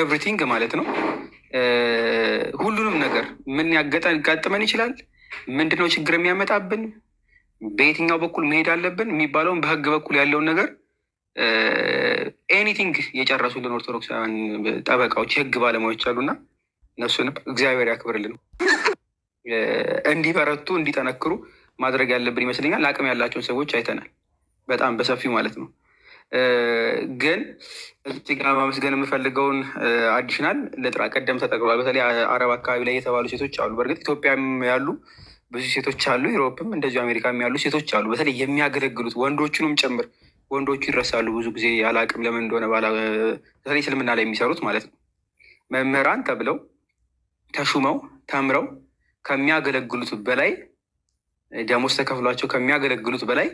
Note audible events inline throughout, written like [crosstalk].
ኤቭሪቲንግ ማለት ነው። ሁሉንም ነገር ምን ያጋጥመን ይችላል፣ ምንድነው ችግር የሚያመጣብን፣ በየትኛው በኩል መሄድ አለብን የሚባለውን በህግ በኩል ያለውን ነገር ኤኒቲንግ የጨረሱልን ኦርቶዶክሳውያን ጠበቃዎች፣ የህግ ባለሙያዎች አሉና እነሱንም እግዚአብሔር ያክብርልን፣ እንዲበረቱ እንዲጠነክሩ ማድረግ ያለብን ይመስለኛል። አቅም ያላቸውን ሰዎች አይተናል በጣም በሰፊው ማለት ነው። ግን እዚህ ጋር ማመስገን የምፈልገውን አዲሽናል ለጥራ ቀደም ተጠቅሏል። በተለይ አረብ አካባቢ ላይ የተባሉ ሴቶች አሉ። በእርግጥ ኢትዮጵያም ያሉ ብዙ ሴቶች አሉ። ዩሮፕም እንደዚሁ አሜሪካም ያሉ ሴቶች አሉ። በተለይ የሚያገለግሉት ወንዶቹንም ጭምር ወንዶቹ ይረሳሉ ብዙ ጊዜ አላቅም ለምን እንደሆነ በተለይ ስልምና ላይ የሚሰሩት ማለት ነው መምህራን ተብለው ተሹመው ተምረው ከሚያገለግሉት በላይ ደሞዝ ተከፍሏቸው ከሚያገለግሉት በላይ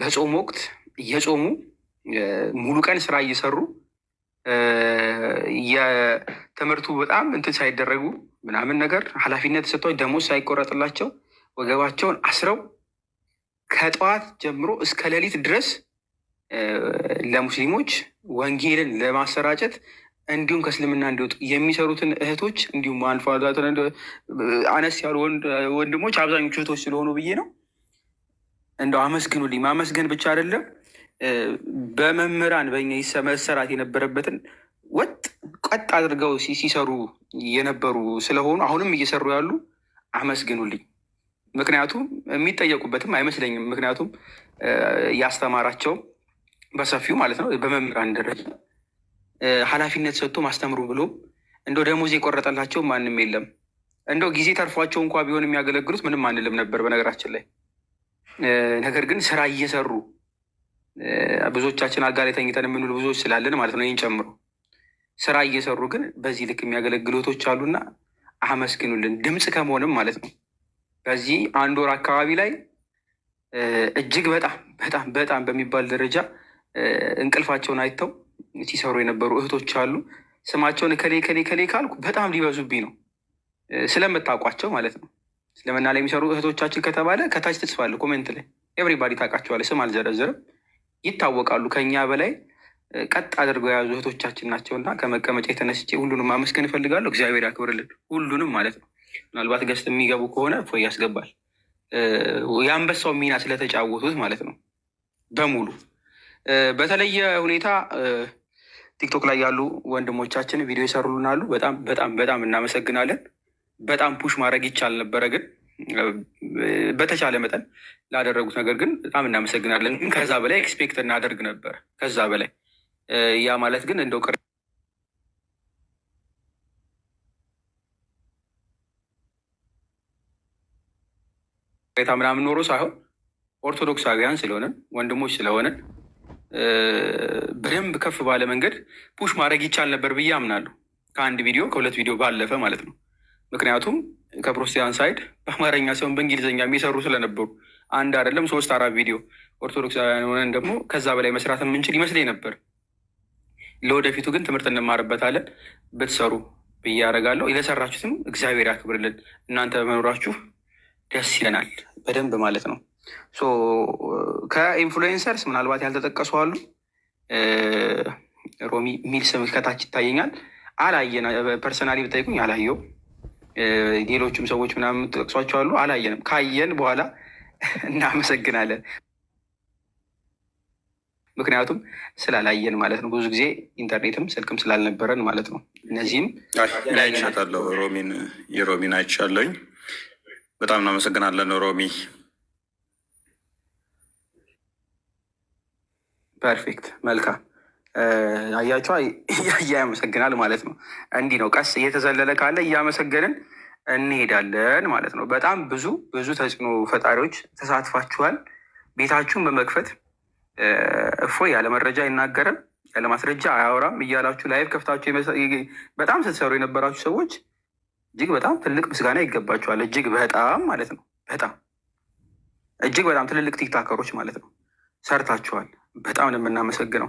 በጾም ወቅት እየጾሙ ሙሉ ቀን ስራ እየሰሩ የትምህርቱ በጣም እንትን ሳይደረጉ ምናምን ነገር ኃላፊነት ሰጥተው ደሞዝ ሳይቆረጥላቸው ወገባቸውን አስረው ከጠዋት ጀምሮ እስከ ሌሊት ድረስ ለሙስሊሞች ወንጌልን ለማሰራጨት እንዲሁም ከእስልምና እንዲወጡ የሚሰሩትን እህቶች እንዲሁም አነስ ያሉ ወንድሞች አብዛኞቹ እህቶች ስለሆኑ ብዬ ነው። እንደው አመስግኑልኝ። ማመስገን ብቻ አይደለም በመምህራን በኛ መሰራት የነበረበትን ወጥ ቀጥ አድርገው ሲሰሩ የነበሩ ስለሆኑ አሁንም እየሰሩ ያሉ አመስግኑልኝ። ምክንያቱም የሚጠየቁበትም አይመስለኝም። ምክንያቱም ያስተማራቸው በሰፊው ማለት ነው በመምህራን ደረጃ ኃላፊነት ሰጥቶ ማስተምሩ ብሎ እንደው ደሞዝ የቆረጠላቸው ማንም የለም። እንደው ጊዜ ተርፏቸው እንኳ ቢሆን የሚያገለግሉት ምንም አንልም ነበር በነገራችን ላይ ነገር ግን ስራ እየሰሩ ብዙዎቻችን አጋር ተኝተን የምንውል ብዙዎች ስላለን ማለት ነው። ይህን ጨምሮ ስራ እየሰሩ ግን በዚህ ልክ የሚያገለግሉ እህቶች አሉና አመስግኑልን፣ ድምፅ ከመሆንም ማለት ነው። በዚህ አንድ ወር አካባቢ ላይ እጅግ በጣም በጣም በጣም በሚባል ደረጃ እንቅልፋቸውን አይተው ሲሰሩ የነበሩ እህቶች አሉ። ስማቸውን ከሌ ከሌ ከሌ ካልኩ በጣም ሊበዙብኝ ነው ስለምታውቋቸው ማለት ነው። እስልምና ላይ የሚሰሩ እህቶቻችን ከተባለ ከታች ትጽፋለህ፣ ኮሜንት ላይ ኤቭሪባዲ ታቃቸዋለ ስም አልዘረዝርም፣ ይታወቃሉ። ከኛ በላይ ቀጥ አድርገው የያዙ እህቶቻችን ናቸው እና ከመቀመጫ የተነስቼ ሁሉንም ማመስገን እፈልጋለሁ። እግዚአብሔር ያክብርልን፣ ሁሉንም ማለት ነው። ምናልባት ገስት የሚገቡ ከሆነ ፎ ያስገባል። የአንበሳው ሚና ስለተጫወቱት ማለት ነው በሙሉ በተለየ ሁኔታ ቲክቶክ ላይ ያሉ ወንድሞቻችን ቪዲዮ ይሰሩልናሉ። በጣም በጣም በጣም እናመሰግናለን። በጣም ፑሽ ማድረግ ይቻል ነበረ፣ ግን በተቻለ መጠን ላደረጉት ነገር ግን በጣም እናመሰግናለን። ግን ከዛ በላይ ኤክስፔክት እናደርግ ነበር ከዛ በላይ ያ ማለት ግን እንደው ቅር ቅሬታ ምናምን ኖሮ ሳይሆን ኦርቶዶክሳዊያን ስለሆነን ወንድሞች ስለሆነን በደንብ ከፍ ባለ መንገድ ፑሽ ማድረግ ይቻል ነበር ብዬ አምናለሁ። ከአንድ ቪዲዮ ከሁለት ቪዲዮ ባለፈ ማለት ነው። ምክንያቱም ከፕሮቴስታንት ሳይድ በአማርኛ ሰውን በእንግሊዝኛ የሚሰሩ ስለነበሩ አንድ አይደለም ሶስት አራት ቪዲዮ ኦርቶዶክሳውያን ሆነን ደግሞ ከዛ በላይ መስራት የምንችል ይመስለኝ ነበር። ለወደፊቱ ግን ትምህርት እንማርበታለን ብትሰሩ ብዬ አደርጋለሁ። የተሰራችሁትም እግዚአብሔር ያክብርልን። እናንተ በመኖራችሁ ደስ ይለናል፣ በደንብ ማለት ነው። ከኢንፍሉዌንሰርስ ምናልባት ያልተጠቀሱ አሉ። ሮሚ ሚል ስም ከታች ይታየኛል። አላየ ፐርሰናሊ ብጠይቁኝ አላየው ሌሎችም ሰዎች ምናምን ጠቅሷቸው አሉ። አላየንም። ካየን በኋላ [laughs] እናመሰግናለን። ምክንያቱም ስላላየን ማለት ነው። ብዙ ጊዜ ኢንተርኔትም ስልክም ስላልነበረን ማለት ነው። እነዚህም አይቻታለሁ። ሮሚን የሮሚን አይቻለኝ። በጣም እናመሰግናለን ሮሚ። ፐርፌክት መልካም አያቸዋ እያመሰግናል ማለት ነው። እንዲህ ነው ቀስ እየተዘለለ ካለ እያመሰገንን እንሄዳለን ማለት ነው። በጣም ብዙ ብዙ ተጽዕኖ ፈጣሪዎች ተሳትፋችኋል። ቤታችሁን በመክፈት እፎ ያለ መረጃ አይናገርም ያለ ማስረጃ አያወራም እያላችሁ ላይቭ ከፍታችሁ በጣም ስትሰሩ የነበራችሁ ሰዎች እጅግ በጣም ትልቅ ምስጋና ይገባችኋል። እጅግ በጣም ማለት ነው። በጣም እጅግ በጣም ትልልቅ ቲክታከሮች ማለት ነው ሰርታችኋል። በጣም ነው የምናመሰግነው።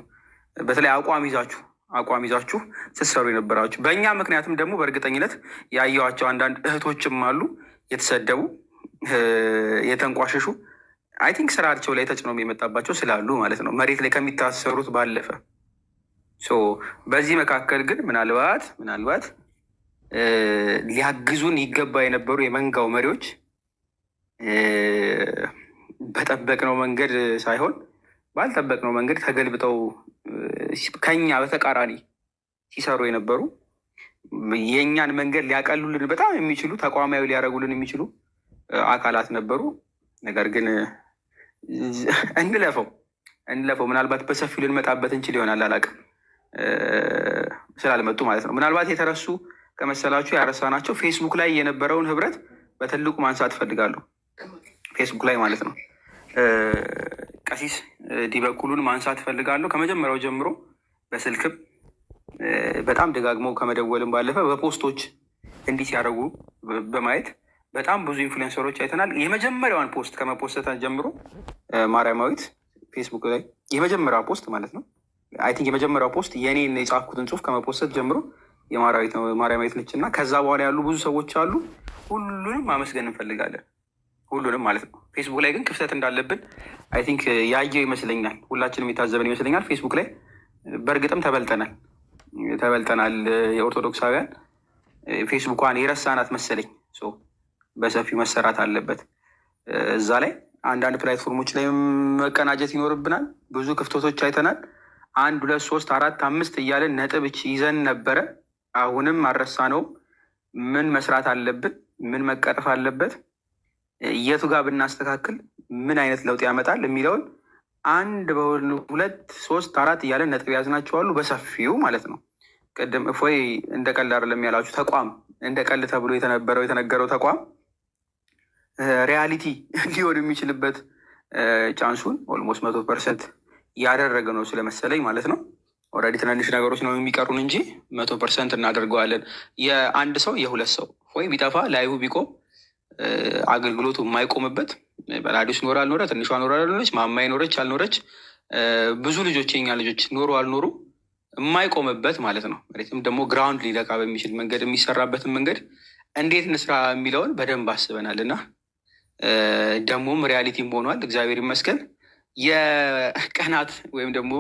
በተለይ አቋም ይዛችሁ አቋም ይዛችሁ ስትሰሩ የነበራችሁ በእኛ ምክንያትም ደግሞ በእርግጠኝነት ያየኋቸው አንዳንድ እህቶችም አሉ የተሰደቡ የተንቋሸሹ አይ ቲንክ ስራቸው ላይ ተጭኖ የመጣባቸው ስላሉ ማለት ነው መሬት ላይ ከሚታሰሩት ባለፈ በዚህ መካከል ግን ምናልባት ምናልባት ሊያግዙን ይገባ የነበሩ የመንጋው መሪዎች በጠበቅነው መንገድ ሳይሆን ባልጠበቅነው መንገድ ተገልብጠው ከኛ በተቃራኒ ሲሰሩ የነበሩ የእኛን መንገድ ሊያቀሉልን በጣም የሚችሉ ተቋማዊ ሊያደረጉልን የሚችሉ አካላት ነበሩ። ነገር ግን እንለፈው እንለፈው ምናልባት በሰፊው ልንመጣበት እንችል ይሆናል። አላቅም ስላልመጡ ማለት ነው። ምናልባት የተረሱ ከመሰላችሁ ያረሳናቸው ፌስቡክ ላይ የነበረውን ህብረት በትልቁ ማንሳት እፈልጋለሁ። ፌስቡክ ላይ ማለት ነው። ቀሲስ ዲበኩሉን ማንሳት እፈልጋለሁ። ከመጀመሪያው ጀምሮ በስልክም በጣም ደጋግመው ከመደወልም ባለፈ በፖስቶች እንዲህ ሲያደርጉ በማየት በጣም ብዙ ኢንፍሉዌንሰሮች አይተናል። የመጀመሪያዋን ፖስት ከመፖስተታን ጀምሮ ማርያማዊት ፌስቡክ ላይ የመጀመሪያ ፖስት ማለት ነው። አይ ቲንክ የመጀመሪያው ፖስት የኔን የጻፍኩትን ጽሁፍ ከመፖስተት ጀምሮ የማርያማዊት ነች እና ከዛ በኋላ ያሉ ብዙ ሰዎች አሉ። ሁሉንም ማመስገን እንፈልጋለን። ሁሉንም ማለት ነው። ፌስቡክ ላይ ግን ክፍተት እንዳለብን አይ ቲንክ ያየው ይመስለኛል፣ ሁላችንም የታዘብን ይመስለኛል። ፌስቡክ ላይ በእርግጥም ተበልጠናል ተበልጠናል። የኦርቶዶክሳውያን ፌስቡኳን የረሳናት መሰለኝ። በሰፊው መሰራት አለበት። እዛ ላይ አንዳንድ ፕላትፎርሞች ላይ መቀናጀት ይኖርብናል። ብዙ ክፍተቶች አይተናል። አንድ ሁለት ሶስት አራት አምስት እያለን ነጥብ ይዘን ነበረ። አሁንም አልረሳነውም። ምን መስራት አለብን? ምን መቀጠፍ አለበት? የቱ ጋር ብናስተካክል ምን አይነት ለውጥ ያመጣል የሚለውን አንድ ሁለት ሶስት አራት እያለን ነጥብ ያዝናቸዋሉ በሰፊው ማለት ነው። ቅድም እፎይ እንደ ቀልድ አይደለም ያላችሁ ተቋም እንደ ቀልድ ተብሎ የተነበረው የተነገረው ተቋም ሪያሊቲ ሊሆን የሚችልበት ቻንሱን ኦልሞስት መቶ ፐርሰንት ያደረገ ነው ስለመሰለኝ ማለት ነው። ኦልሬዲ ትናንሽ ነገሮች ነው የሚቀሩን እንጂ መቶ ፐርሰንት እናደርገዋለን። የአንድ ሰው የሁለት ሰው ወይ ቢጠፋ ላይሁ ቢቆም አገልግሎቱ የማይቆምበት በራዲዮስ ኖረ አልኖረ ትንሿ ኖረ አልኖረች ማማ ኖረች አልኖረች ብዙ ልጆች የኛ ልጆች ኖሩ አልኖሩ የማይቆምበት ማለት ነው። መሬትም ደግሞ ግራውንድ ሊለቃ በሚችል መንገድ የሚሰራበትን መንገድ እንዴት እንስራ የሚለውን በደንብ አስበናል እና ደግሞም ሪያሊቲም ሆኗል። እግዚአብሔር ይመስገን። የቀናት ወይም ደግሞ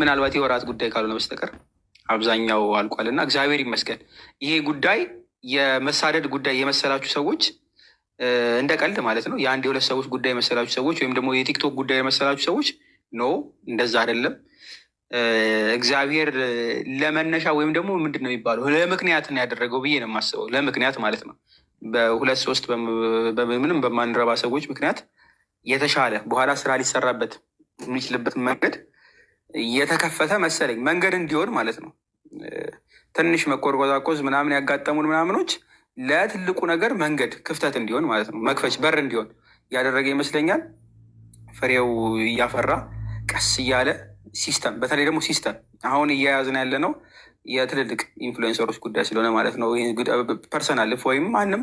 ምናልባት የወራት ጉዳይ ካልሆነ በስተቀር አብዛኛው አልቋል እና እግዚአብሔር ይመስገን። ይሄ ጉዳይ የመሳደድ ጉዳይ የመሰላችሁ ሰዎች እንደ ቀልድ ማለት ነው የአንድ የሁለት ሰዎች ጉዳይ የመሰላችሁ ሰዎች ወይም ደግሞ የቲክቶክ ጉዳይ የመሰላችሁ ሰዎች ኖ እንደዛ አይደለም። እግዚአብሔር ለመነሻ ወይም ደግሞ ምንድን ነው የሚባለው ለምክንያት ነው ያደረገው ብዬ ነው የማስበው። ለምክንያት ማለት ነው በሁለት ሶስት ምንም በማንረባ ሰዎች ምክንያት የተሻለ በኋላ ስራ ሊሰራበት የሚችልበት መንገድ የተከፈተ መሰለኝ መንገድ እንዲሆን ማለት ነው። ትንሽ መቆርቆዛቆዝ ምናምን ያጋጠሙን ምናምኖች ለትልቁ ነገር መንገድ ክፍተት እንዲሆን ማለት ነው፣ መክፈች በር እንዲሆን ያደረገ ይመስለኛል። ፍሬው እያፈራ ቀስ እያለ ሲስተም፣ በተለይ ደግሞ ሲስተም አሁን እያያዝን ያለ ነው የትልልቅ ኢንፍሉዌንሰሮች ጉዳይ ስለሆነ ማለት ነው። ፐርሰናል ወይም ማንም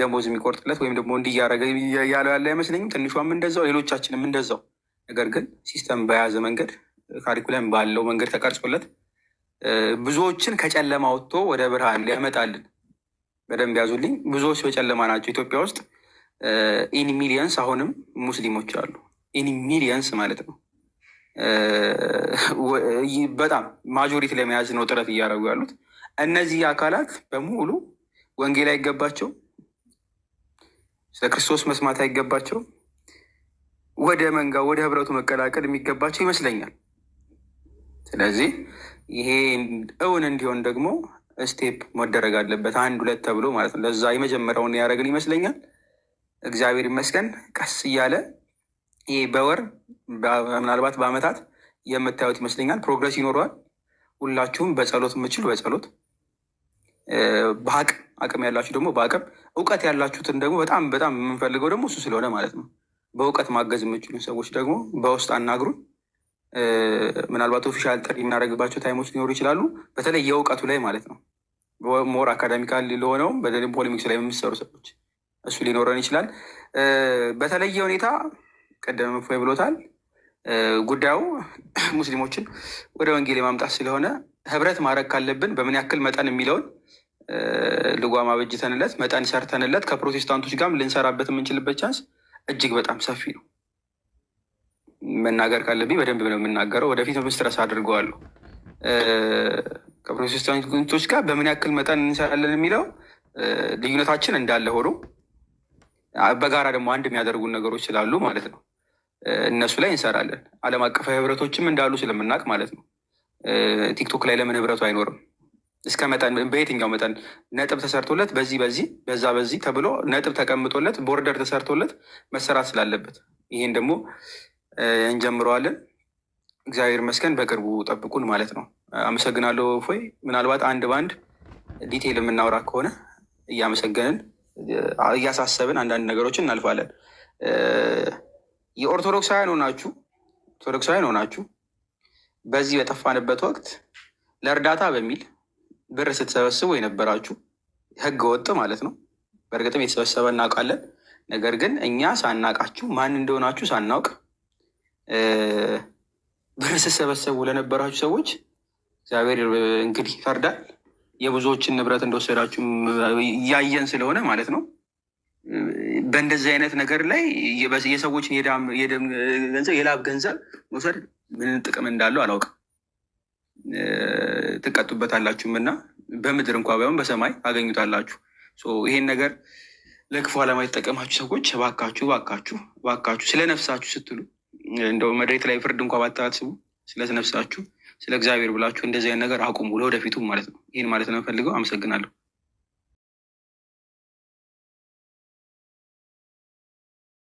ደሞዝ የሚቆርጥለት ወይም ደግሞ እንዲያረገ ያለ ያለ አይመስለኝም። ትንሿም እንደዛው፣ ሌሎቻችንም እንደዛው። ነገር ግን ሲስተም በያዘ መንገድ ካሪኩለም ባለው መንገድ ተቀርጾለት ብዙዎችን ከጨለማ ወጥቶ ወደ ብርሃን ሊያመጣልን በደንብ ያዙልኝ። ብዙዎች በጨለማ ናቸው። ኢትዮጵያ ውስጥ ኢን ሚሊየንስ አሁንም ሙስሊሞች አሉ። ኢን ሚሊየንስ ማለት ነው። በጣም ማጆሪቲ ለመያዝ ነው ጥረት እያደረጉ ያሉት። እነዚህ አካላት በሙሉ ወንጌል አይገባቸው፣ ስለ ክርስቶስ መስማት አይገባቸው፣ ወደ መንጋ ወደ ህብረቱ መቀላቀል የሚገባቸው ይመስለኛል። ስለዚህ ይሄ እውን እንዲሆን ደግሞ ስቴፕ መደረግ አለበት። አንድ ሁለት ተብሎ ማለት ነው። ለዛ የመጀመሪያውን ያደረግን ይመስለኛል። እግዚአብሔር ይመስገን ቀስ እያለ ይሄ በወር ምናልባት በአመታት የምታዩት ይመስለኛል። ፕሮግረስ ይኖረዋል። ሁላችሁም በጸሎት የምችሉ በጸሎት በአቅም አቅም ያላችሁ ደግሞ በአቅም እውቀት ያላችሁትን ደግሞ በጣም በጣም የምንፈልገው ደግሞ እሱ ስለሆነ ማለት ነው። በእውቀት ማገዝ የምችሉ ሰዎች ደግሞ በውስጥ አናግሩን። ምናልባት ኦፊሻል ጥሪ እናደረግባቸው ታይሞች ሊኖሩ ይችላሉ። በተለይ የእውቀቱ ላይ ማለት ነው። ሞር አካዳሚካል ለሆነውም በተለይ ፖሊሚክስ ላይ የምሰሩ ሰዎች እሱ ሊኖረን ይችላል። በተለየ ሁኔታ ቀደም እፎይ ብሎታል። ጉዳዩ ሙስሊሞችን ወደ ወንጌል የማምጣት ስለሆነ ህብረት ማድረግ ካለብን በምን ያክል መጠን የሚለውን ልጓም አበጅተንለት መጠን ሰርተንለት ከፕሮቴስታንቶች ጋርም ልንሰራበት የምንችልበት ቻንስ እጅግ በጣም ሰፊ ነው። መናገር ካለብኝ በደንብ ነው የምናገረው። ወደፊት ምስትረስ አድርገዋለሁ። ከፕሮቴስታንቶች ጋር በምን ያክል መጠን እንሰራለን የሚለው ልዩነታችን እንዳለ ሆኖ በጋራ ደግሞ አንድ የሚያደርጉን ነገሮች ስላሉ ማለት ነው እነሱ ላይ እንሰራለን። ዓለም አቀፋዊ ህብረቶችም እንዳሉ ስለምናውቅ ማለት ነው። ቲክቶክ ላይ ለምን ህብረቱ አይኖርም? እስከ መጠን በየትኛው መጠን ነጥብ ተሰርቶለት በዚህ በዚህ በዛ በዚህ ተብሎ ነጥብ ተቀምጦለት ቦርደር ተሰርቶለት መሰራት ስላለበት ይህን ደግሞ እንጀምረዋለን። እግዚአብሔር ይመስገን በቅርቡ ጠብቁን ማለት ነው። አመሰግናለሁ እፎይ። ምናልባት አንድ በአንድ ዲቴይል የምናወራ ከሆነ እያመሰገንን እያሳሰብን አንዳንድ ነገሮችን እናልፋለን። የኦርቶዶክሳውያን ሆናችሁ ኦርቶዶክሳውያን ሆናችሁ በዚህ በጠፋንበት ወቅት ለእርዳታ በሚል ብር ስትሰበስቡ የነበራችሁ ህገ ወጥ ማለት ነው። በእርግጥም የተሰበሰበ እናውቃለን። ነገር ግን እኛ ሳናቃችሁ ማን እንደሆናችሁ ሳናውቅ ብር ለነበራችሁ ሰዎች እግዚአብሔር እንግዲህ ይፈርዳል። የብዙዎችን ንብረት እንደወሰዳችሁ እያየን ስለሆነ ማለት ነው። በእንደዚህ አይነት ነገር ላይ የሰዎችን ገንዘብ የላብ ገንዘብ መውሰድ ምን ጥቅም እንዳለው አላውቅም። ትቀጡበታላችሁም እና በምድር እንኳ ባይሆን በሰማይ ታገኙታላችሁ። ይሄን ነገር ለክፉ ዓላማ የተጠቀማችሁ ሰዎች እባካችሁ እባካችሁ እባካችሁ ስለ ነፍሳችሁ ስትሉ እንደው መሬት ላይ ፍርድ እንኳ ባታስቡ ስለ ነፍሳችሁ ስለ እግዚአብሔር ብላችሁ እንደዚህ አይነት ነገር አቁሙ፣ ለወደፊቱም ማለት ነው። ይህን ማለት ነው የምፈልገው። አመሰግናለሁ።